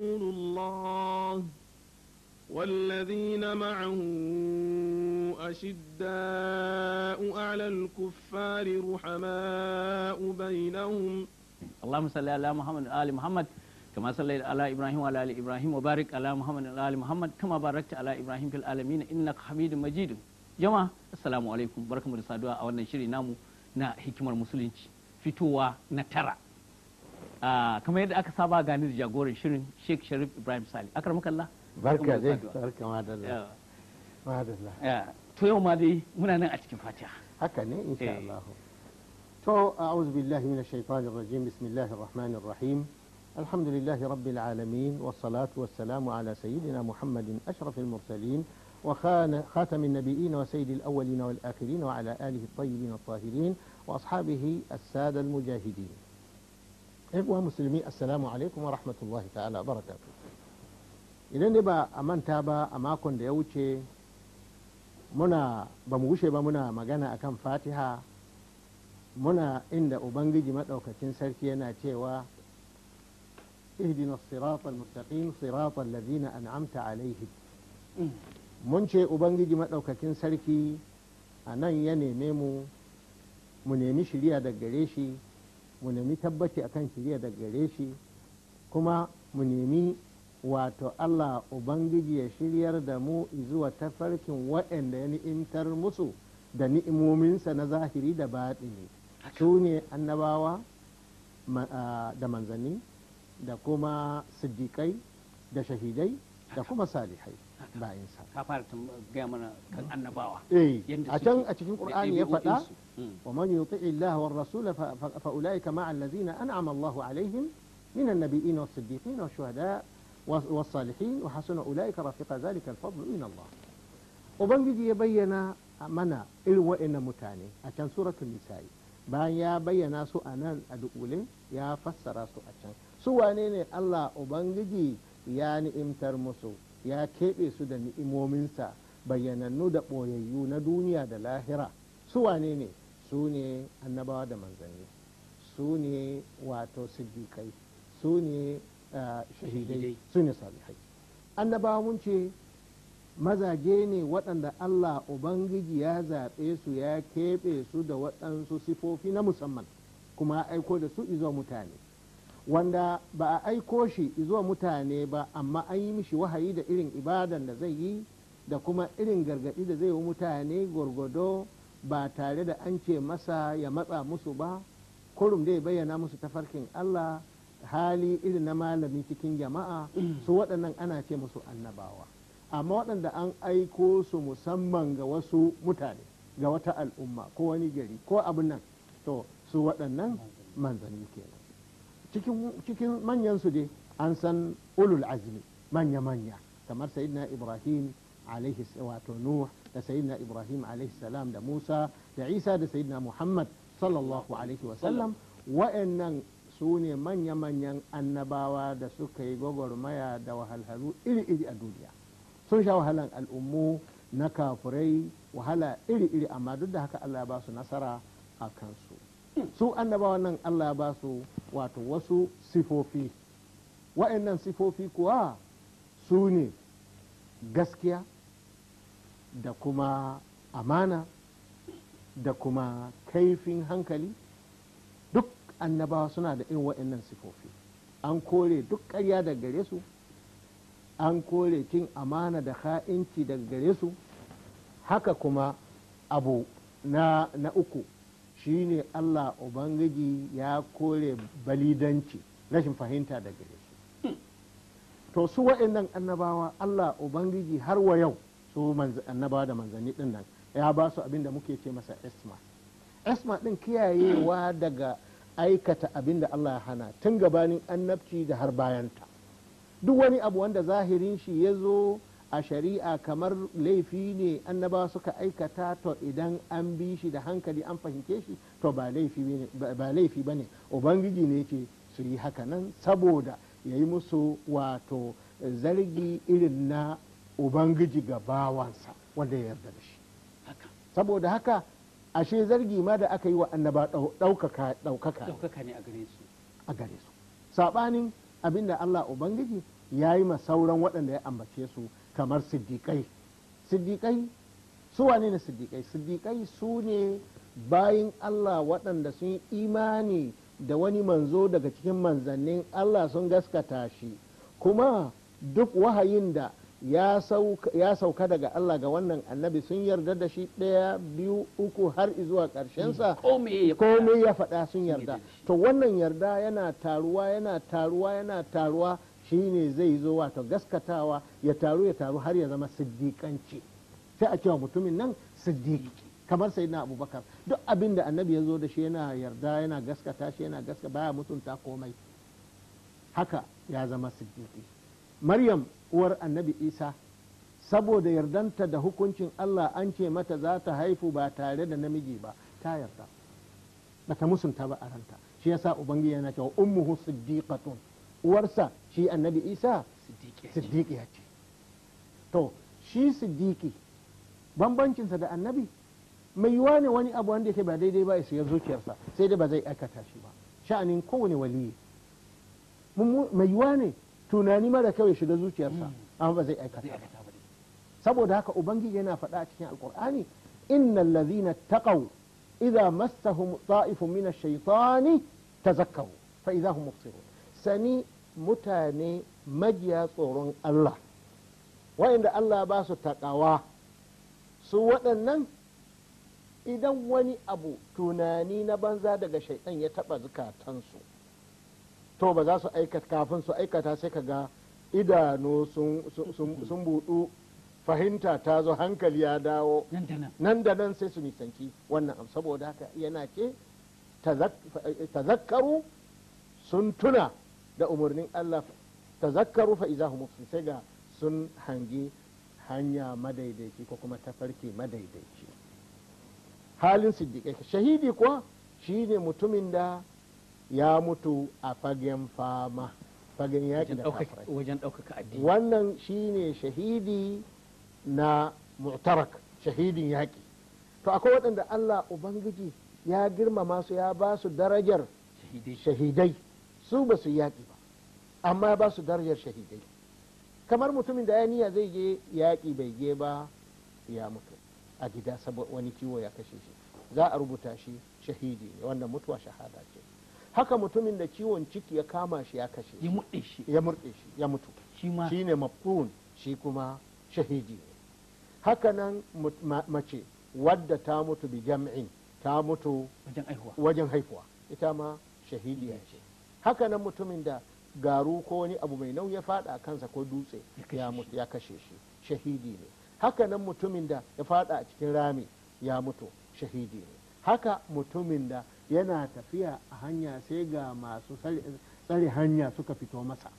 رسول الله والذين معه أشداء على الكفار رحماء بينهم اللهم صل على محمد وآل محمد كما صليت على إبراهيم وعلى آل إبراهيم وبارك على محمد وآل محمد كما باركت على إبراهيم في العالمين إنك حميد مجيد جماعة السلام عليكم بركم رسالة أولا شري نامو نا حكمة المسلمين fitowa na tara kamar yadda aka saba gani da jagoran shirin Sheikh Sharif Ibrahim Sali akar makalla barka dai barka madalla madalla to yau ma dai muna nan a cikin fatiha haka ne insha Allah to a'udhu billahi minash shaitanir rajim bismillahir rahmanir rahim الحمد لله رب العالمين والصلاة والسلام على سيدنا محمد أشرف المرسلين وخاتم النبيين وسيد الأولين والآخرين وعلى آله الطيبين الطاهرين وأصحابه السادة المجاهدين uwa musulmi assalamu alaikum wa rahmatullahi ta'ala barakatu idan dai ba a manta ba a makon da ya wuce muna ba mu wuce ba muna magana akan fatiha muna inda ubangiji maɗaukacin sarki yana cewa ihdina siratal mustaqim siratal ladina an'amta alaihi mun ce ubangiji maɗaukacin sarki a nan ya neme mu mu nemi shirya daga gare shi mu nemi tabbaci akan shirya da gare shi kuma mu nemi wato Allah Ubangiji ya shiryar da mu zuwa tafarkin waɗanda ya ni'imtar musu da ni'imominsa na zahiri da baɗini su ne annabawa da manzanni da kuma siddiƙai da shahidai da kuma salihai عشان أشوف إيه. القرآن يقول ومن يطع الله والرسول فأولئك مع الذين أنعم الله عليهم من النبيين والصديقين والشهداء والصالحين وحسن أولئك رفيق ذلك الفضل من الله وبن بدي يبين منا إلو إن متاني عشان سورة النساء بان يا بينا سو أنان أدؤول يا فسر سو أشان سو أنين الله وبن يعني إمتر مسو ya keɓe su da ni'imominsa bayyanannu da ɓoyayyu na duniya da lahira su wane ne su ne annabawa da manzanni su ne wato siddiƙai su ne ah, shahidai su ne salihai annabawa mun ce mazaje ne waɗanda allah ubangiji ya zaɓe su ya keɓe su da waɗansu sifofi na musamman kuma aiko da su izo mutane wanda ba a aiko shi zuwa mutane ba amma an yi mishi wahayi da irin ibadan da zai yi da kuma irin gargaɗi da zai yi mutane gwargwado ba tare da an ce masa ya matsa musu ba kurum dai bayyana musu tafarkin Allah hali irin na malami cikin jama'a su waɗannan ana ce musu annabawa amma waɗanda an aiko su musamman ga wasu mutane ga wata al'umma ko wani gari ko abin nan to su waɗannan manzanni kenan cikin manyansu su dai an san ulul azmi manya-manya kamar sayyidina ibrahim alaihi wato nuh da sayyidina ibrahim alaihi salam da musa da isa da sayyidina muhammad sallallahu alaihi wasallam wa'annan su ne manya-manyan annabawa da suka yi gwagwarmaya da wahalhalu iri-iri a duniya sun sha wahalan al'ummu na kafurai wahala iri-iri amma duk da haka allah ba su nasara a kansu su annabawa nan Allah ba su wato wasu sifofi wa'annan sifofi kuwa su ne gaskiya da kuma amana da kuma kaifin hankali duk annabawa suna da irin wa'annan sifofi an kore duk ƙarya da gare su an kore cin amana da ha'inci daga gare su haka kuma abu na, na uku shine Allah Ubangiji ya kore balidanci rashin fahimta daga shi to su wa'annan annabawa Allah Ubangiji har wa yau su annabawa da manzanni din nan ya ba su abin da muke ce masa isma isma din kiyayewa daga aikata abin da Allah ya hana tun gabanin annabci da har bayanta duk wani abu wanda zahirin shi ya zo a shari'a kamar laifi ne annabawa suka aikata to idan an bi shi da hankali an fahimce shi to ba laifi ba ne ubangiji ne ke su yi haka nan saboda ya yi musu wato zargi irin na ubangiji ga bawansa wanda ya yarda da shi saboda haka ashe zargi ma da aka yi wa annaba ɗaukaka ne a gare su saɓanin abinda allah ubangiji ya yi ma sauran waɗanda ya ambace su kamar siddiƙai siddiƙai su wane ne siddiƙai siddiƙai su ne bayin allah waɗanda sun yi imani da wani manzo daga cikin manzannin allah sun gaskata shi kuma duk wahayin da ya sauka daga Allah ga wannan annabi sun yarda da shi ɗaya biyu uku har zuwa ƙarshensa hmm. komai ya faɗa sun yarda to wannan yarda yana taruwa yana taruwa yana taruwa shine zai zo wato gaskatawa ya taru ya taru har ya zama siddiƙanci sai a cewa mutumin nan siddiƙi kamar sai na abubakar duk abin da annabi ya zo da shi yana yarda yana gaskata shi yana gaskata baya mutunta komai haka ya zama siddiƙi maryam uwar annabi isa saboda yardanta da hukuncin allah an ce mata za ta haifu ba tare da namiji ba ta yarda bata musunta ba a ranta shi yasa ubangiji yana cewa ummuhu siddiqatun uwarsa shi annabi isa ya ce to shi Siddiqi, bambancinsa da annabi mai yiwa ne wani abu wanda yake ba daidai ba ya zuciyarsa sai dai ba zai aikata shi ba sha'anin kowane waliyi mai yiwa ne tunani mara kyau ya shiga zuciyarsa hmm. amma ba zai aikata ba saboda haka ubangiji yana faɗa a cikin alkur'ani innal ladhina taqaw idza massahum ta'ifun min ash-shaytani tazakkaru fa idza hum mubsirun sani mutane majiya tsoron Allah wa'inda Allah ba su taƙawa su waɗannan idan wani abu tunani na banza daga shaidan ya taɓa zukatansu to ba za su aikata kafin su aikata sai ka ga idanu sun buɗu fahimta ta zo hankali ya dawo nan da nan sai su nisanci wannan abu saboda haka yana ce tazakkaru sun tuna da umarnin Allah tazakkaru fa iza hum sai ga sun hangi hanya madaidaici ko kuma tafarki madaidaici halin siddiƙai shahidi kuwa shine mutumin da ya mutu a fagen fama fagen yaki da wajen ɗaukaka addini wannan shine shahidi na mu'tarak shahidin yaƙi to akwai waɗanda Allah ubangiji ya girmama su ya ba su darajar shahidai su ba su yaƙi ba amma ba su darajar shahidai kamar mutumin da ya zai je yaƙi bai je ba ya mutu a gida saboda wani kiwo ya kashe shi za a rubuta shi shahidi ne wannan mutuwa shahada ce haka mutumin da ciwon ciki ya kama shi ya kashe ya shi ya mutu shi ne mafun shi kuma shahidi ne haka nan mace wadda ta mutu bi jam'in ta mutu wajen haihuwa ita ma shahidiya ce haka nan mutumin da garu ko wani abu mai nau ya fada kansa ko dutse ya mutu ya kashe shi shahidi ne haka nan mutumin da ya fada a cikin rami ya mutu shahidi ne haka mutumin da yana tafiya a hanya sai ga masu tsare hanya suka fito masa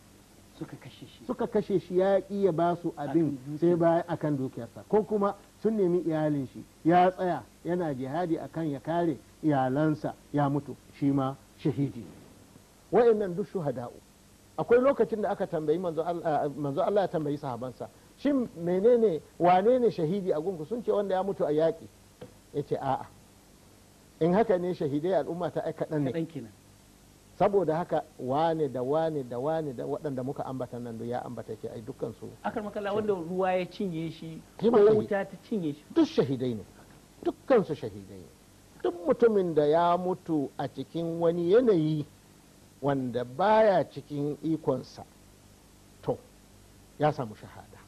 suka kashe shi ya ƙi ya ba su abin sai bayan akan dukiyarsa ko kuma sun nemi iyalin shi ya tsaya yana jihadi akan ya kare iyalansa ya mutu shi ma shahidi ne wa'annan duk shuhada'u akwai lokacin da aka tambayi manzo Allah ya tambayi sahabansa shin menene wane ne shahidi a gunku sun ce wanda ya mutu a yaƙi ya ce a'a in haka ne shahidai al'umma ta aika ɗan ne saboda haka wane da wane da wane da waɗanda muka ambata nan da ya ambata ke ai dukkan su akan makalla wanda ruwa ya cinye shi ko wuta ta cinye shi duk shahidai ne dukkan su shahidai ne duk mutumin da ya mutu a cikin wani yanayi wanda baya cikin ikonsa to ya samu shahada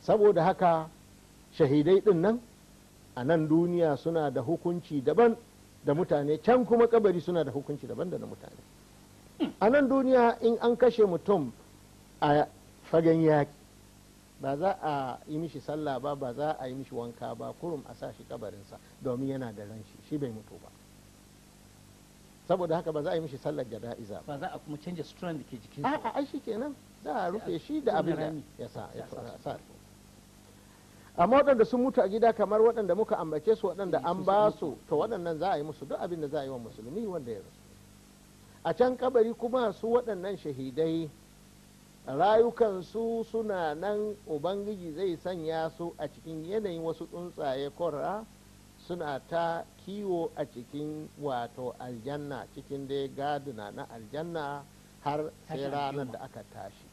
saboda haka shahidai din nan a nan duniya suna da hukunci daban da mutane can kuma kabari suna da hukunci daban da na mutane a nan duniya in an kashe mutum a fagen yaƙi ba za a yi mishi sallah ba ba za a yi mishi wanka ba kurum a sa shi kabarinsa domin yana da ranshi shi bai mutu ba saboda haka ba za a yi mishi sallar jana'iza ba za a kuma canja suturan da ke jikin sa a ai kenan za a rufe shi da abin da ya sa ya sa amma waɗanda sun mutu a gida kamar waɗanda muka ambace su waɗanda an ba su to waɗannan za a yi musu duk abin da za a yi wa musulmi wanda ya rasu a can kabari kuma su waɗannan shahidai rayukansu suna nan ubangiji zai sanya su a cikin yanayin wasu tsuntsaye kora suna ta kiwo a cikin wato aljanna cikin dai gaduna na aljanna har sai ranar da aka tashi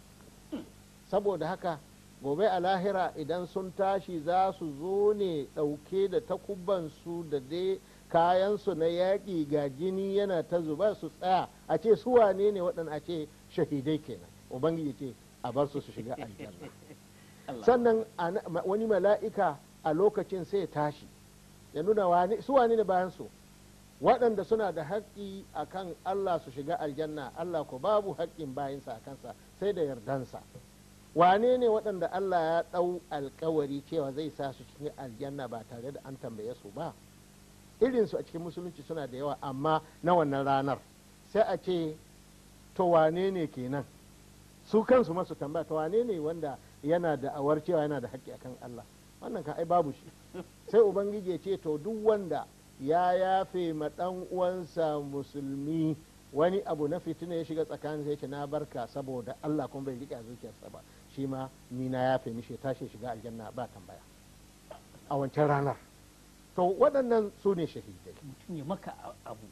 saboda haka gobe a lahira idan sun tashi za su zo ne ɗauke da takubansu da dai kayansu na yaƙi ga jini yana ta zuba su tsaya a ce su wane ne waɗanda a ce shahidai kenan ubangiji ce a bar su su shiga aljanna sannan wani mala'ika a lokacin sai tashi ya nuna su wani ne bayan su waɗanda suna da haƙƙi a kan Allah su shiga aljanna Allah ko babu haƙƙin bayansa a kansa sai da yardansa wane ne waɗanda Allah ya ɗau alkawari cewa zai sa su cikin aljanna ba tare da an tambaye su ba irinsu a cikin musulunci suna da yawa amma na wannan ranar sai a ce to wane ne kenan su kansu masu tambaya to wane ne wanda yana da awar cewa yana da haƙƙi akan Allah wannan ka ai babu shi sai ubangiji ya ce to duk wanda ya yafe ma dan uwansa musulmi wani abu na fitina ya shiga tsakanin sai ce na barka saboda Allah kuma bai rike zuciyarsa ba shi ma ni na yafe mishi ya tashi shiga aljanna ba tambaya a wancan ranar to waɗannan su ne shahidai mutum ya maka abu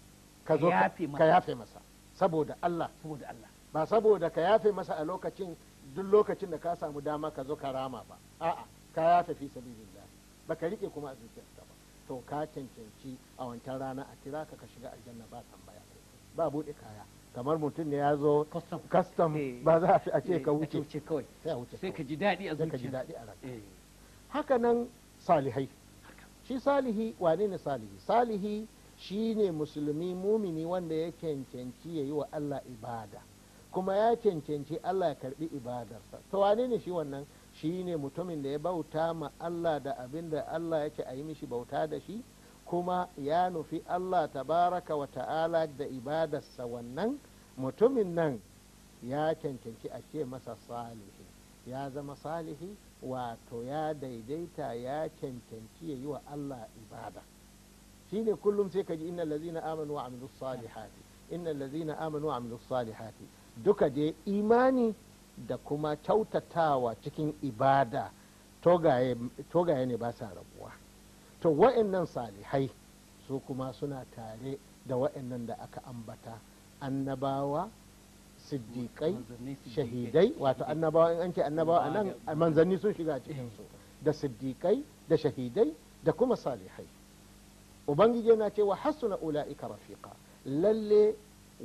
ka zo ka yafe masa saboda Allah saboda Allah ba saboda ka yafe masa a lokacin duk lokacin da ka samu dama ka zo ka rama ba a'a kaya tafi ba baka rike kuma a zuciyarka ba to ka cancanci a wancan rana a kira ka ka shiga aljanna ba tambaya ba bude kaya kamar mutum ne ya zo custom eh. ba za a ce ka wuce kawai sai ka ji daɗi a zuciya eh. haka nan salihai shi salihi wane ne salihi salihi shi ne musulmi mumini wanda ya cancanci ya yi wa Allah ibada kuma ya cancanci Allah ya karbi ibadarsa to wane ne shi wannan Shi ne mutumin da ya bauta ma Allah da abin da Allah yake ce a yi mishi bauta da shi kuma ya nufi Allah tabaraka wa ta'ala da ibadarsa wannan mutumin nan ya cancanci a ce masa salihi ya zama salihi wato ya daidaita ya cancanci ya yi wa Allah ibada Shi ne kullum sai ka ji inna ladzina amanu wa salihati amanu wa amilus salihati duka je imani da kuma kyautatawa cikin ibada togaye ne ba sa rabuwa to wa'annan salihai su kuma suna tare da wa'annan da aka ambata annabawa siddiƙai shahidai wato annabawa in an ce annabawa a nan manzanni sun shiga cikin su da siddiƙai da shahidai da kuma salihai ubangiji yana cewa hasuna ula'ika rafiqa lalle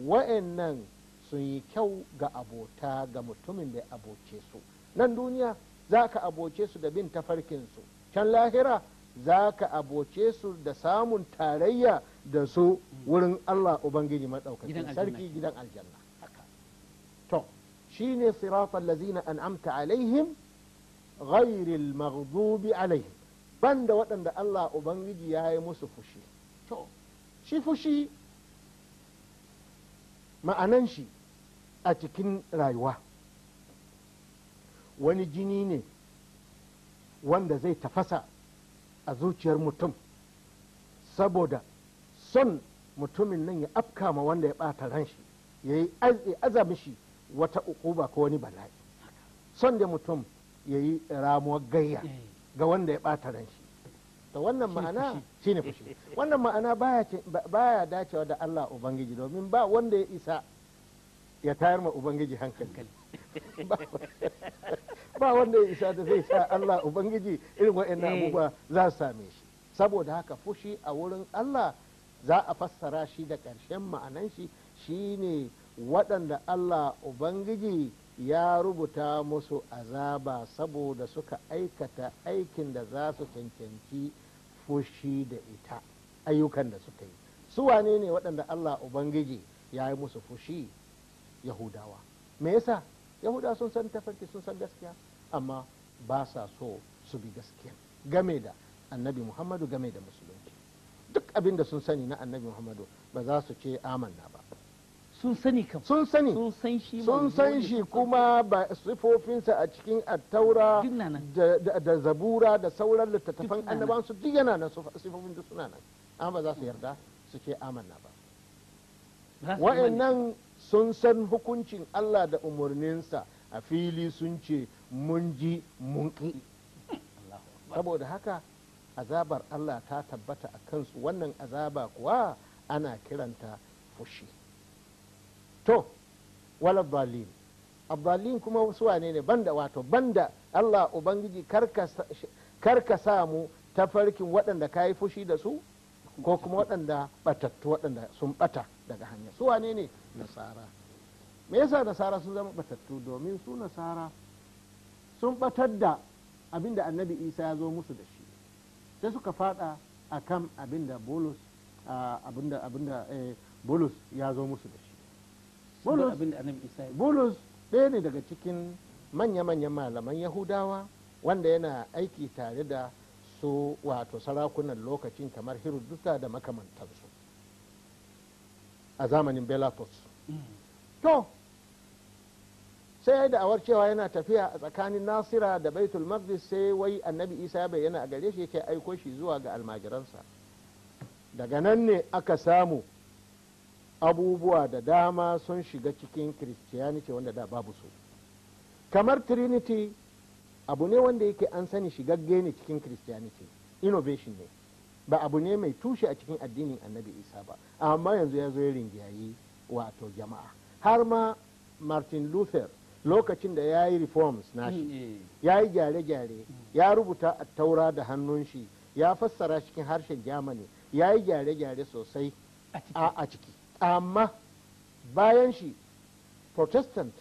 wa'annan sun yi kyau ga abota ga mutumin da aboce su nan duniya za ka aboce su da bin tafarkinsu can lahira za ka aboce su da samun tarayya da su wurin allah ubangiji maɗaukacin sarki gidan aljanna to shi ne siratan lazina an'amta alaihim ghairil maghdubi alaihim banda waɗanda allah ubangiji ya yi musu fushi to shi fushi ma'anan shi a cikin rayuwa wani jini ne wanda zai tafasa a zuciyar mutum saboda son mutumin nan ya afkama wanda ya ɓata ran shi ya yi azami shi wata ukuba ko wani bala'i son da mutum ya yi ramuwar gayya eh. ga wanda ya ɓata ran shi to wannan ma'ana shine fushi wannan ma'ana baya dacewa da Allah Ubangiji domin ba wanda ya isa ya tayar ma ubangiji hankali ba wanda ya isa da zai sa Allah ubangiji irin waɗannan eh. abubuwa za su same shi saboda haka fushi a wurin Allah za a fassara shi da ƙarshen ma'anan shi shine waɗanda Allah ubangiji ya rubuta musu azaba saboda suka aikata aikin da za su cancanci fushi da ita ayyukan da suka yi su wane ne waɗanda Allah ubangiji ya yi musu fushi yahudawa me yasa yahudawa sun san tafarki sun san gaskiya amma ba sa so su bi gaskiya game da annabi muhammadu game da musulunci duk abin da sun sani na annabi muhammadu ba za su ce amanna ba sun sani kam sun sani sun san shi kuma ba sifofinsa a cikin attaura da zabura da sauran littattafan annaban su duk yana nan sifofin da suna nan amma ba za su yarda su ce amanna ba wa'annan sun san hukuncin allah da umarninsa a fili sun ce mun ji mun ƙi saboda haka azabar allah ta tabbata a kansu wannan azaba kuwa ana kiranta fushi to wala dalil abdalin kuma wasu wane ne banda wato banda allah ubangiji karka samu tafarkin waɗanda ka yi fushi da su ko kuma waɗanda ɓatattu waɗanda sun ɓata daga hanya su wane ne nasara me yasa nasara sun zama batattu domin su nasara sun batar da abin da annabi isa ya zo musu da shi sai suka fada a kan abin da bolus eh, ya zo musu da shi bolus ɗaya ne daga cikin manya-manyan malaman yahudawa wanda yana aiki tare da su wato sarakunan lokacin kamar hirudusa da makamantarsu. a zamanin belafos to sai da awar cewa yana tafiya a tsakanin nasira da baitul maqdis sai wai annabi isa ya bayyana a gare shi yake aiko shi zuwa ga almajiransa daga nan ne aka samu abubuwa da dama sun shiga cikin christianity wanda da babu su kamar trinity abu ne wanda yake an sani shigagge ne cikin christianity innovation ne ba abu ne mai tushe a cikin addinin annabi isa ba amma yanzu ya zo ya ringiyayi wato jama'a har ma martin luther lokacin da ya yi reforms shi mm-hmm. ya yi gyare-gyare ya rubuta a taura da hannun shi ya fassara cikin harshen germany ya yi gyare-gyare sosai a ciki amma bayan shi protestant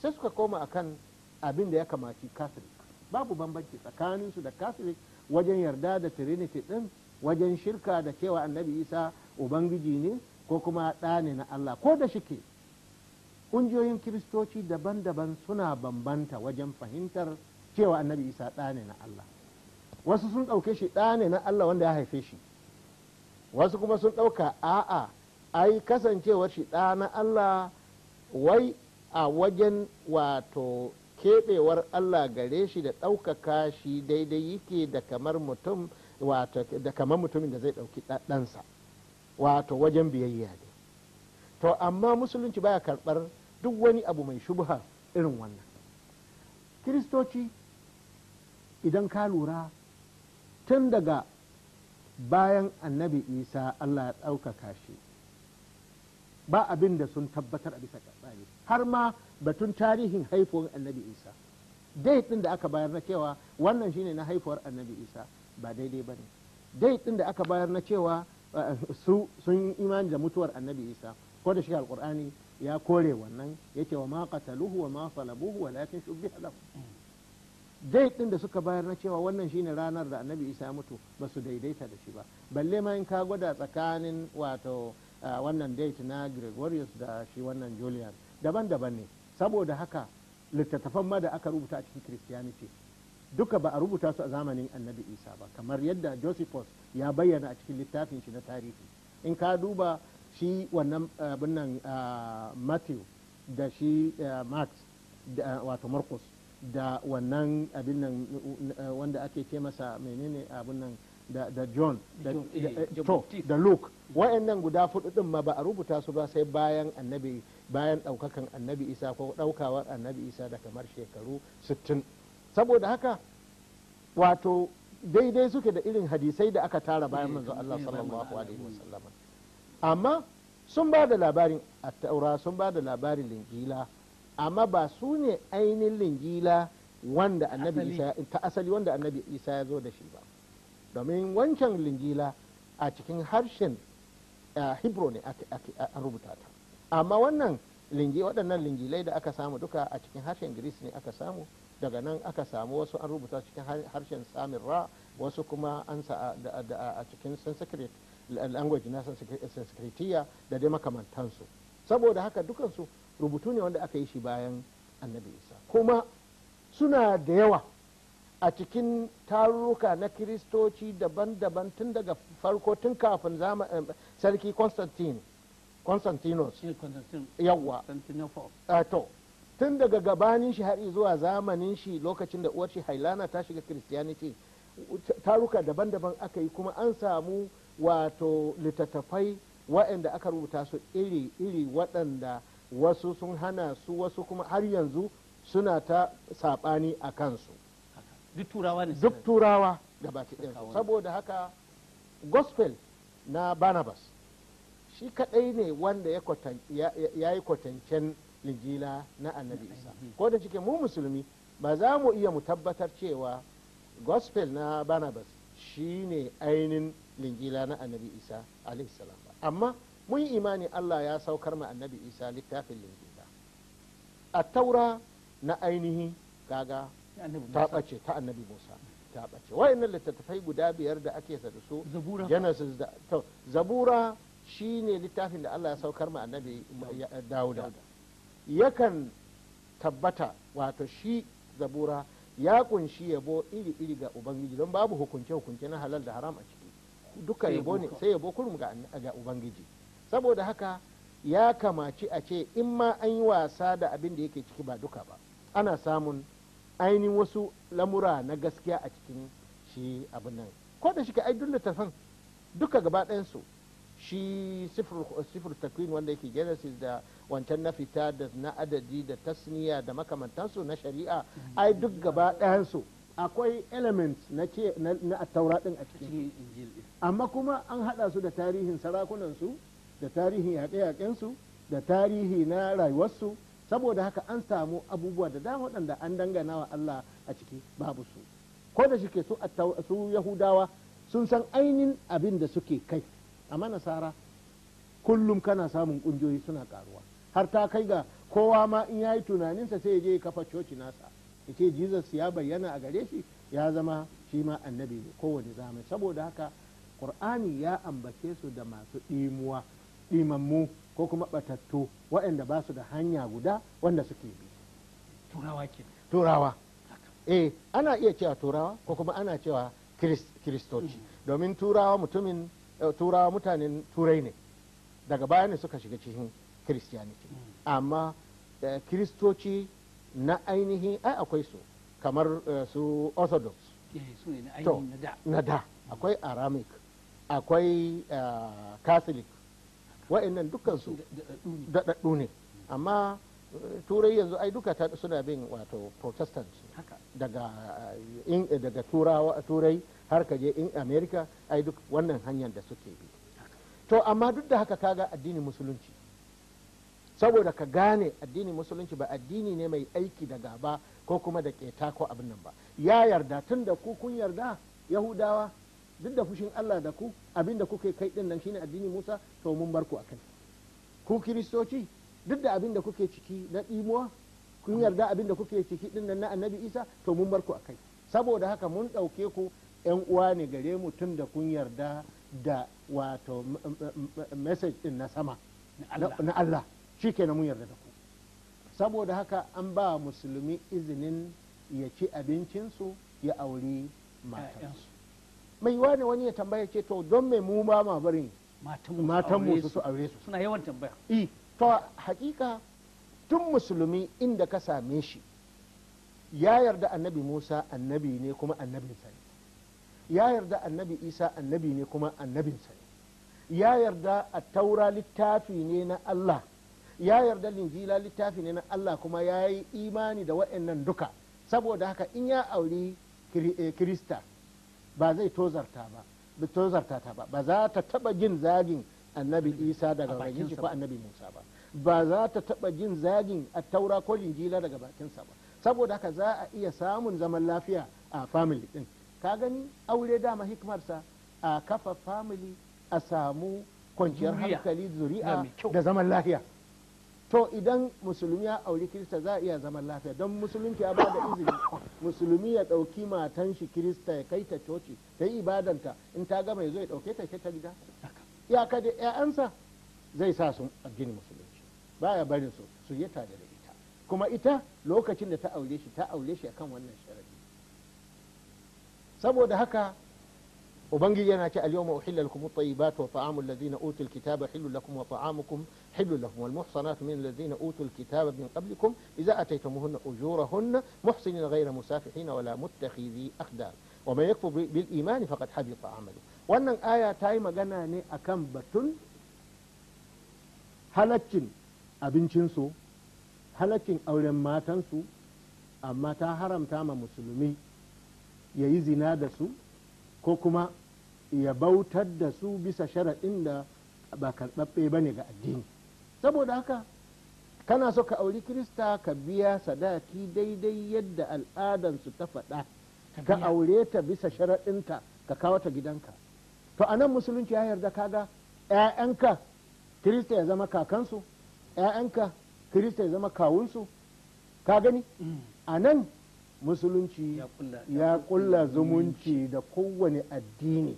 sai suka koma akan abin da ya kamaci catholic babu bambanci tsakaninsu da catholic wajen yarda da trinity din wajen shirka da cewa annabi isa ubangiji ne ko kuma ɗa ne na allah ko da shike ƙungiyoyin kiristoci daban-daban suna bambanta wajen fahimtar cewa annabi isa ɗa ne na allah wasu sun ɗauke shi ɗa ne na allah wanda ya haife shi wasu kuma sun ɗauka a'a ai kasancewar shi ɗa na allah wai a wajen wato keɓewar allah gare shi da ɗaukaka shi daidai yake da kamar mutum wato da kamar mutumin da zai ɗauki ɗansa wato wajen biyayya ne to amma musulunci baya karɓar duk wani abu mai shubha irin wannan kiristoci idan ka lura tun daga bayan annabi isa allah ya ɗaukaka shi ba abin da sun tabbatar a bisa tsari har ma batun tarihin haifuwar annabi isa date ɗin da aka bayar na cewa wannan shine na haifuwar annabi isa ba daidai ba ne dai ɗin da aka bayar na cewa eh, su sun imani da mutuwar annabi isa ko da shi alkur'ani ya kore wannan ya ce wa ma qataluhu wa ma salabuhu wa lakin shubbiha lahu dai ɗin da suka bayar na cewa wannan shine ranar da annabi isa mutu ba su daidaita da shi ba balle ma in ka gwada tsakanin wato eh, wannan date na gregorius da shi wannan julian daban-daban ne saboda haka littattafan ma da aka rubuta a cikin christianity duka ba a rubuta su a zamanin annabi isa ba kamar yadda josephus ya bayyana a cikin littafin shi na tarihi in ka duba shi wannan eh, abinnan eh, matthew da shi eh, Max wato marcus da wannan abin wanda ake ce masa menene abin da john da luke wa'annan guda fudu din ma ba a rubuta su ba sai bayan annabi bayan daukakan annabi isa ko daukawar annabi isa da kamar shekaru 60 saboda haka wato daidai suke da irin hadisai da aka tara bayan manzo Allah sallallahu alaihi wasallam amma sun ba da labarin ta'ura sun ba da labarin linjila amma ba su ne ainihin linjila wanda annabi isa ta asali wanda annabi isa ya zo da shi ba domin wancan linjila a cikin harshen hebrew ne a rubuta ta amma wannan lingi waɗannan lingilai da aka samu duka a cikin harshen greece ne aka samu daga nan aka samu wasu an rubuta cikin harshen samin ra wasu kuma an sa a cikin sanskrit language na sanskritiya da dai makamantansu saboda haka dukansu rubutu ne wanda aka yi shi bayan annabi isa kuma suna da yawa a cikin tarurruka na kiristoci daban-daban tun daga farko tun kafin eh, sarki constantine constantinos yawa tun daga gabanin shi har zuwa zamanin shi lokacin da uwar shi hailana ta shiga christianity taruka daban-daban aka yi kuma an samu wato littattafai waɗanda aka rubuta su iri-iri waɗanda wasu sun hana su wasu kuma har yanzu suna ta saɓani a kansu duk turawa ne duk turawa gabaki ɗinsu saboda haka gospel na barnabas shi kaɗai ne wanda ya yi kwatancen linjila na annabi isa ko da cike mu musulmi ba za mu iya mu tabbatar cewa gospel na barnabas shine ainin linjila na annabi isa alaihissalam ba amma mun yi imani allah ya saukar ma annabi isa littafin linjila a taura na ainihi kaga ta bace ta annabi musa ta ɓace wa'annan littattafai guda biyar da ake sa da su genesis da to zabura shine littafin da allah ya saukar ma annabi dauda yakan tabbata wato shi zabura ya kunshi yabo iri-iri ga ubangiji don babu hukunce-hukunce na halal da haram a ciki duka yabo ne sai yabo kurum ga ubangiji saboda haka ya kamaci a ce in ma an yi wasa da abin da yake ciki ba duka ba ana samun ainihin wasu lamura na gaskiya a cikin shi abin nan ko da shi ka ai duk littafan duka gaba shi sifir takwin wanda yake genesis da wancan na fita da na adadi da tasniya da makamantansu na shari'a ai duk gaba ɗayansu akwai elements na ce din a cikin amma kuma an haɗa su da tarihin sarakunansu da tarihin yaƙe-yaƙensu da tarihi na rayuwarsu saboda haka an samu abubuwa da dama waɗanda an dangana wa Allah a ciki babu su ko da shike su yahudawa sun san ainihin abin da suke kai amma nasara kullum kana samun kungiyoyi suna karuwa har ta kai ga kowa ma in ya yi tunaninsa sai ya je kafa coci nasa ya ce jesus ya bayyana a gare shi ya zama shi ma annabi ne kowane zamani saboda haka qur'ani ya ambace su da masu ɗimanmu dimammu ko kuma batattu waɗanda ba su da hanya guda wanda suke bi turawa ke turawa eh ana iya cewa turawa ko kuma ana cewa kiristoci mm. domin turawa mutumin Eh, turawa mutanen turai ne daga baya ne suka shiga cikin christianity hmm. amma eh, kiristoci na ainihin ai akwai su kamar eh, su orthodox to na da akwai aramic akwai catholic wa'annan dukansu daɗaɗɗu ne amma turai yanzu ai duka suna bin wato protestant daga turawa turai har ka je in america ai duk wannan hanyar da suke bi to amma duk da haka ka ga addinin musulunci saboda ka gane addinin musulunci ba addini ne mai aiki da gaba ko kuma da keta ko abin nan ba ya yarda tun da ku kun yarda yahudawa duk da fushin allah da ku abin da kai din nan shine addinin musa to mun bar ku a kai. ku kiristoci duk da abin da kuke ciki na ɗimuwa kun yarda abin da kuke ciki din nan na annabi isa to mun bar ku a kai. saboda haka mun ɗauke ku 'yan uwa ne gare mu tun da kun yarda da wato message din na sama na Allah shi ke mun yarda da ku saboda haka an ba musulmi izinin ya ci abincinsu ya auri matansu mai wani wani ya tambaya ce to don mai mu ba ma barin matan mu su aure su suna yawan tambaya i to hakika tun musulmi inda ka same shi ya yarda annabi Musa annabi ne kuma annabin Sani. ya yarda annabi isa annabi ne kuma annabinsa ne ya yarda a taura littafi ne na allah ya yarda linjila littafi ne na allah kuma ya yi imani da wa'annan duka saboda haka in ya auri eh, kirista ba zai tozarta ba tozarta ta ba ba za ta taba jin zagin annabi isa daga bakin ko annabi musa ba ba za ta taba jin zagin a taura ko linjila daga bakinsa ba saboda haka za a iya samun zaman lafiya a family din ka gani aure dama hikimarsa a kafa family a samu kwanciyar hankali zuri'a da zaman lafiya to idan musulmi ya auri kirista za a iya zaman lafiya don musulunci ya bada izini musulmi ya ɗauki matan shi kirista ya kai ta coci ta yi ibadanta in ta gama ya zo ya ɗauke ta ke ta gida iyaka da 'ya'yansa zai sa sun gini musulunci ba ya barin su su yi tare da ita kuma ita lokacin da ta aure shi ta aure shi akan wannan saboda haka ubangiji yana ce alyawma uhilla lakum at tayyibatu wa ta'amu alladhina utul kitaba hillu lakum wa ta'amukum hillu lahum wal muhsanatu min alladhina utul kitaba min qablikum idha ataytumuhunna ujurahunna muhsinin ghayra musafihin wa la muttakhidhi aqdar wa man yakfur bil iman faqad habita amalu wannan aya ta yi magana ne akan batun halaccin abincinsu halaccin auren matansu amma ta haramta ma musulmi ya yi zina da su ko kuma ya bautar da su bisa sharaɗin da ba karɓaɓɓe ba ne ga addini saboda haka kana so ka auri kirista ka biya sadaki daidai yadda al'adansu ta faɗa ka aure ta bisa sharaɗinta ka kawo ta gidanka to a nan musulunci ya yarda kaga 'ya'yanka kirista ya zama kakansu 'ya'yanka kirista ya zama kawunsu ka gani mm. a nan musulunci ya kulla zumunci da kowane addini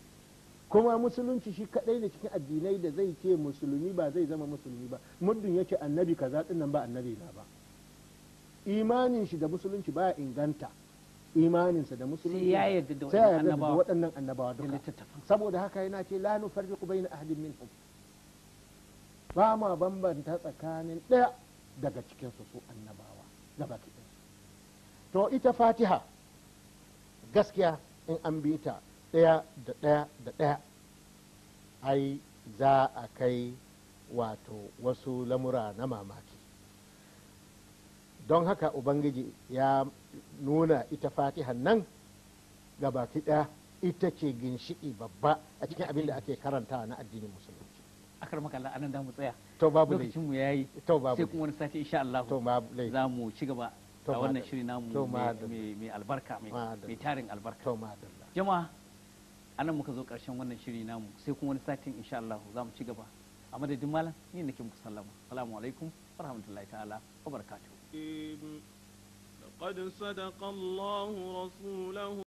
kuma musulunci shi kadai ne cikin addinai da zai ce musulmi ba zai zama musulmi ba muddin yake annabi kaza nan ba annabi na ba imanin shi da musulunci baya inganta imanin sa da musulunci ya yarda da waɗannan annabawa duka saboda haka yana ce la nufarriqu bayna ahadin minhum ba ma bambanta tsakanin ɗaya daga cikin su su annabawa gaba ki to ita fatiha gaskiya in an bi ta ɗaya da ɗaya da ɗaya ai za a kai wato wasu lamura na mamaki don haka ubangiji ya nuna ita Fatiha nan gabaki ɗaya ita ce ginshiki babba a cikin abin da ake karanta na addinin musulunci akar makalla anan da mu tsaya to babu lokacin mu yayi to babu sai kuma wani sati insha Allah to babu za mu ci gaba a wannan shiri namu mai albarka mai tarin albarka jama'a nan muka zo karshen wannan shiri namu sai kuma wani satin insha Allah za mu ci gaba a madadin malam ni nake muku sallama assalamu alaikum wa rahmatullahi ta'ala wa barakatuh